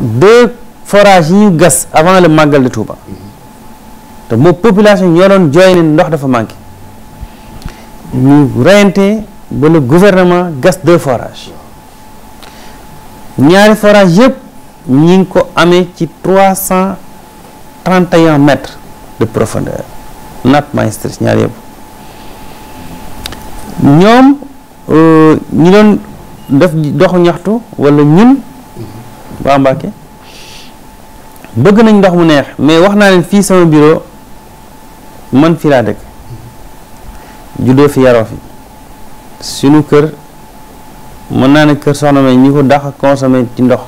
deux forages yi ñu gas avant le màggal de moo population ñoo doon jooy ne dafa manqué ñu ba gouvernement gas deux forages ñaari forages yëpp ñi ngi ko amee ci trois cent trente de profondeur nappe maïstriche ñaari yëpp ñoom euh, ñi doon def doxu ñaxtu wala ñun waa Mbàkke bëgg nañ ndox mu neex mais wax naa ne fii sama bureau man fii laa dëkk juddoo fi yaroo fi suñu kër mën naa ne kër soxna may ñi ko dax consommé ci ndox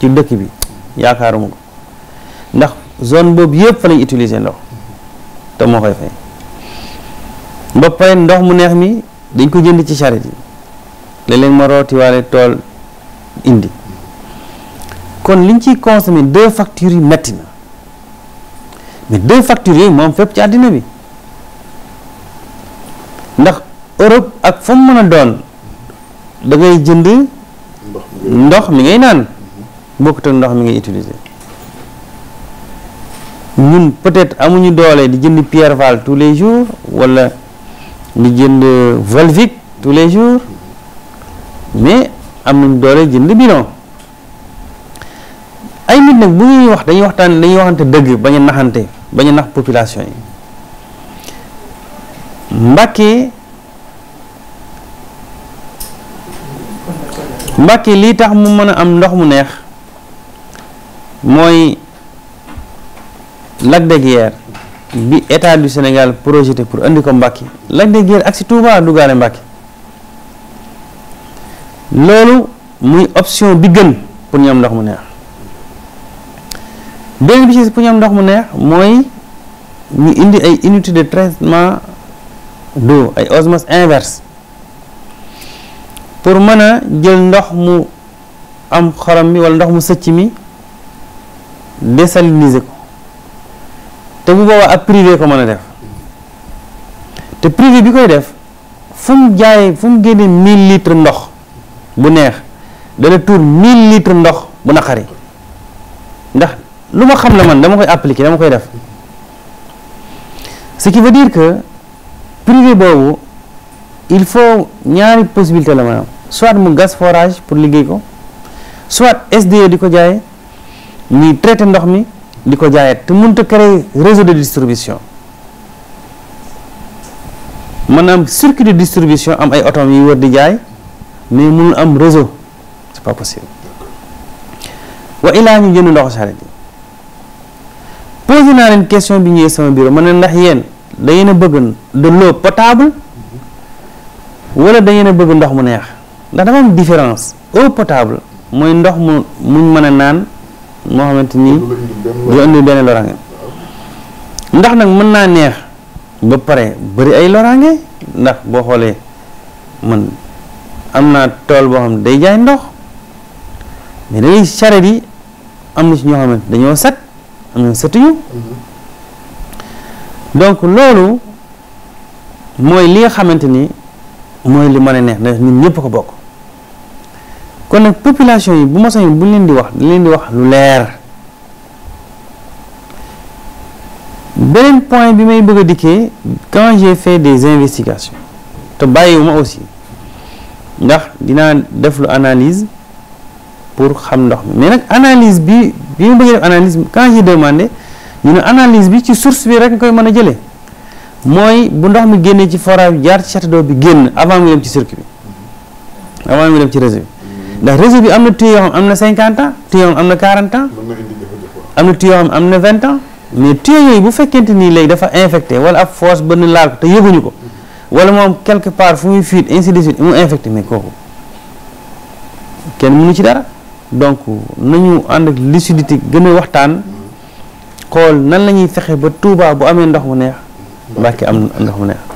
ci dëkk bi yaakaaruma ko ndax zone boobu yëpp fa lañ ndox te moo koy fay ba ndox mu neex mi dañ ko jënd ci charrette yi léeg-léeg ma rootiwaale tool indi kon liñ ciy consommé deux factures yi métti na mais deux factures yooyu moom fépp ci àddina bi ndax Europe ak fu mu mën a doon da ngay jënd ndox mi ngay naan bokkut ak ndox mi ngay utiliser mun peut-être amuñu doole di jënd Pierre Val tous les jours wala di jënd Volvic tous les jours mais am nañ doole jënd bidon ay nit nag bu ñuy wax dañuy waxtaan dañuy waxante dëgg bañ naxante bañ nax population yi Mbàkke Mbàkke lii tax mu mën a am ndox mu neex mooy Lac de Guiers bi état du Sénégal projeté pour andi ko Mbàkke Lac de Guiers ak si Touba dugaale Mbàkke loolu muy option bi gën pour ñu am ndox mu neex beneen bi ci pour ñu ndox mu neex mooy ñu indi ay unité de traitement d'eau ay osmose inverse pour mën a jël ndox mu am xorom mi wala ndox mu sëcc mi désaliniser ko te bu boobaa ab privé ko mën a def te privé bi koy def fu mu jaayee fu mu génnee 1000 litres ndox bu neex dana tuur 1000 litres ndox bu naqari ndax lu ma xam la man dama koy appliquer dama koy def ce qui veut dire que privé boobu il faut ñaari possibilité la maanaam soit mu gas forage pour liggéey ko soit SDE di ko jaay ñuy traité ndox mi di ko jaayat te mënut a créer réseau de distribution maanaam circuit de distribution am ay otom yuy wër di jaay mais mënul am réseau c'est pas possible wa ilaa ñu jënd ndoxu saret yi posé naa leen question bi ñëwee sama bureau ma ne ndax yéen da ngeen bëgg de l'eau potable wala da ngeen bëgg ndox mu neex ndax dafa am différence eau potable mooy ndox mu mu mën a naan moo xamante nii du indi benn loraange ndax nag mën naa neex ba pare bari ay loraange ndax boo xoolee man am naa tool boo xam day jaay ndox mais da ngay yi am na ci ñoo xamante dañoo set am na sëtu yu donc loolu mooy li nga xamante ni mooy li mën a neex ndax ñun ñëpp ko bokk kon nag population yi bu ma sañoon bu leen di wax da leen di wax lu leer beneen point bi may bëgg a dikkee cangé j'ai fait des investigations te ma aussi ndax dinaa def lu analyse pour xam ndox mi mais nag analyse bi bi mu bëggee def analyse quand j'ai demandé ñu ne analyse bi ci source bi rek nga koy mën a jëlee mooy bu ndox mi génnee ci forage bi jaar ci château bi génn avant mu dem ci circuit bi avant mu ci réseau bi ndax réseau bi am na tuyau yoo am na 50 ans am na 40 ans am na tuyau am na 20 ans mais tuyau yooyu bu fekkente nii léegi dafa infecté wala ak force bënn laal ko te yëguñu ko wala moom quelque part fu muy fuite ainsi de suite mu infecté mais kooku kenn mënu ci dara donc nañu ànd ak lucidité gën a waxtaan xool nan la ñuy fexe ba Touba bu amee ndox mu neex Mbàkke am ndox mu neex